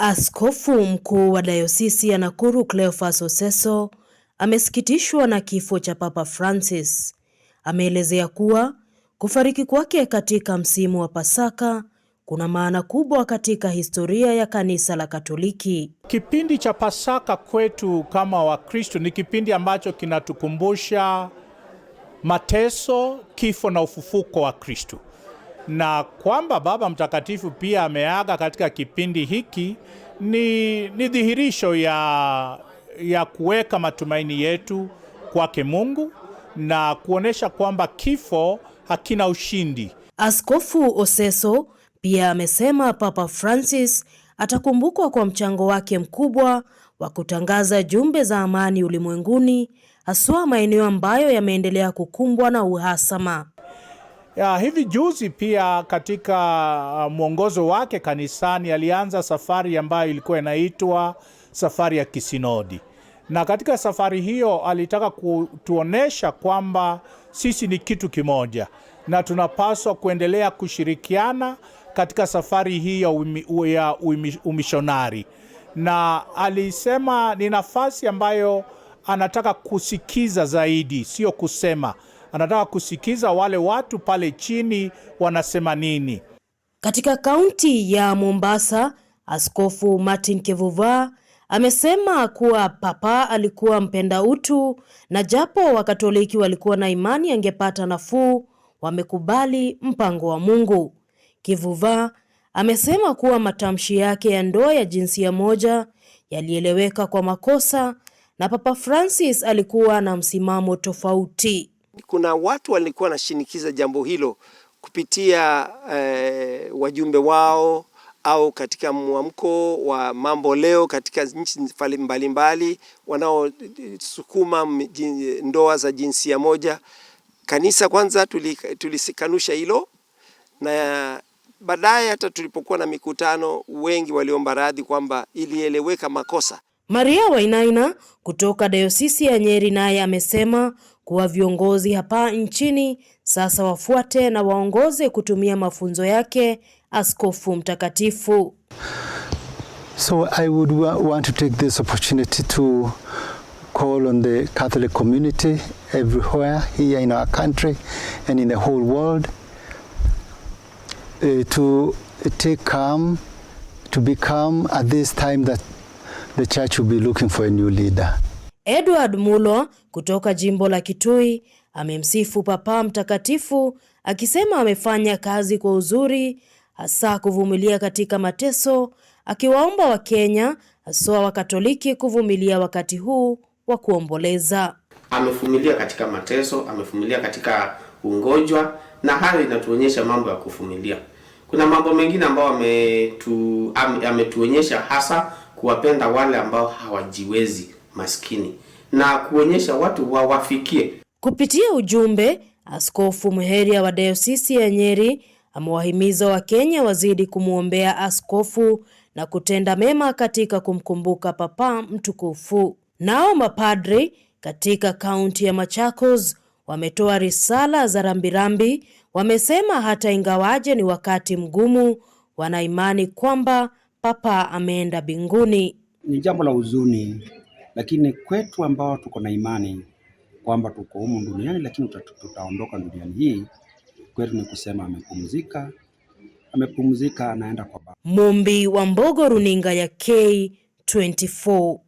Askofu mkuu wa dayosisi ya Nakuru Cleophas Oseso amesikitishwa na kifo cha Papa Francis. Ameelezea kuwa kufariki kwake katika msimu wa Pasaka kuna maana kubwa katika historia ya kanisa la Katoliki. Kipindi cha Pasaka kwetu kama Wakristo ni kipindi ambacho kinatukumbusha mateso, kifo na ufufuko wa Kristo na kwamba Baba Mtakatifu pia ameaga katika kipindi hiki ni, ni dhihirisho ya, ya kuweka matumaini yetu kwake Mungu na kuonyesha kwamba kifo hakina ushindi. Askofu Oseso pia amesema Papa Francis atakumbukwa kwa mchango wake mkubwa wa kutangaza jumbe za amani ulimwenguni, haswa maeneo ambayo yameendelea kukumbwa na uhasama ya, hivi juzi pia katika uh, mwongozo wake kanisani alianza safari ambayo ilikuwa inaitwa safari ya kisinodi, na katika safari hiyo alitaka kutuonesha kwamba sisi ni kitu kimoja na tunapaswa kuendelea kushirikiana katika safari hii ya umi, umishonari na alisema ni nafasi ambayo anataka kusikiza zaidi, sio kusema anataka kusikiza wale watu pale chini wanasema nini. Katika kaunti ya Mombasa, Askofu Martin Kevuva amesema kuwa papa alikuwa mpenda utu na japo Wakatoliki walikuwa na imani angepata nafuu, wamekubali mpango wa Mungu. Kivuva amesema kuwa matamshi yake ya ndoa ya jinsia moja yalieleweka kwa makosa na Papa Francis alikuwa na msimamo tofauti kuna watu walikuwa wanashinikiza jambo hilo kupitia eh, wajumbe wao au katika mwamko wa mambo leo katika nchi mbalimbali wanaosukuma ndoa za jinsia moja. Kanisa kwanza tulikanusha tuli hilo, na baadaye hata tulipokuwa na mikutano wengi waliomba radhi kwamba ilieleweka makosa. Maria Wainaina kutoka Dayosisi ya Nyeri naye amesema kuwa viongozi hapa nchini sasa wafuate na waongoze kutumia mafunzo yake Askofu Mtakatifu. So I would want to take this opportunity to call on the Catholic community everywhere here in our country and in the whole world uh, to take calm, to be calm at this time that the church will be looking for a new leader. Edward Mulo kutoka jimbo la Kitui amemsifu Papa Mtakatifu akisema amefanya kazi kwa uzuri, hasa kuvumilia katika mateso, akiwaomba Wakenya haswa Wakatoliki kuvumilia wakati huu wa kuomboleza. Amevumilia katika mateso, amevumilia katika ungojwa na hayo inatuonyesha mambo ya kuvumilia. Kuna mambo mengine ambayo ametu, ametuonyesha hasa kuwapenda wale ambao hawajiwezi maskini na kuonyesha watu wawafikie. Kupitia ujumbe, Askofu mheria wa Dayosisi ya Nyeri amewahimiza Wakenya wazidi kumwombea askofu na kutenda mema katika kumkumbuka Papa Mtukufu. Nao mapadri katika kaunti ya Machakos wametoa risala za rambirambi. Wamesema hata ingawaje ni wakati mgumu, wanaimani kwamba Papa ameenda binguni. Ni jambo la huzuni lakini kwetu ambao tuko na imani kwamba tuko humu duniani lakini tutaondoka duniani hii, kwetu ni kusema amepumzika, amepumzika, anaenda kwa Baba. Mumbi wa Mbogo, runinga ya K24.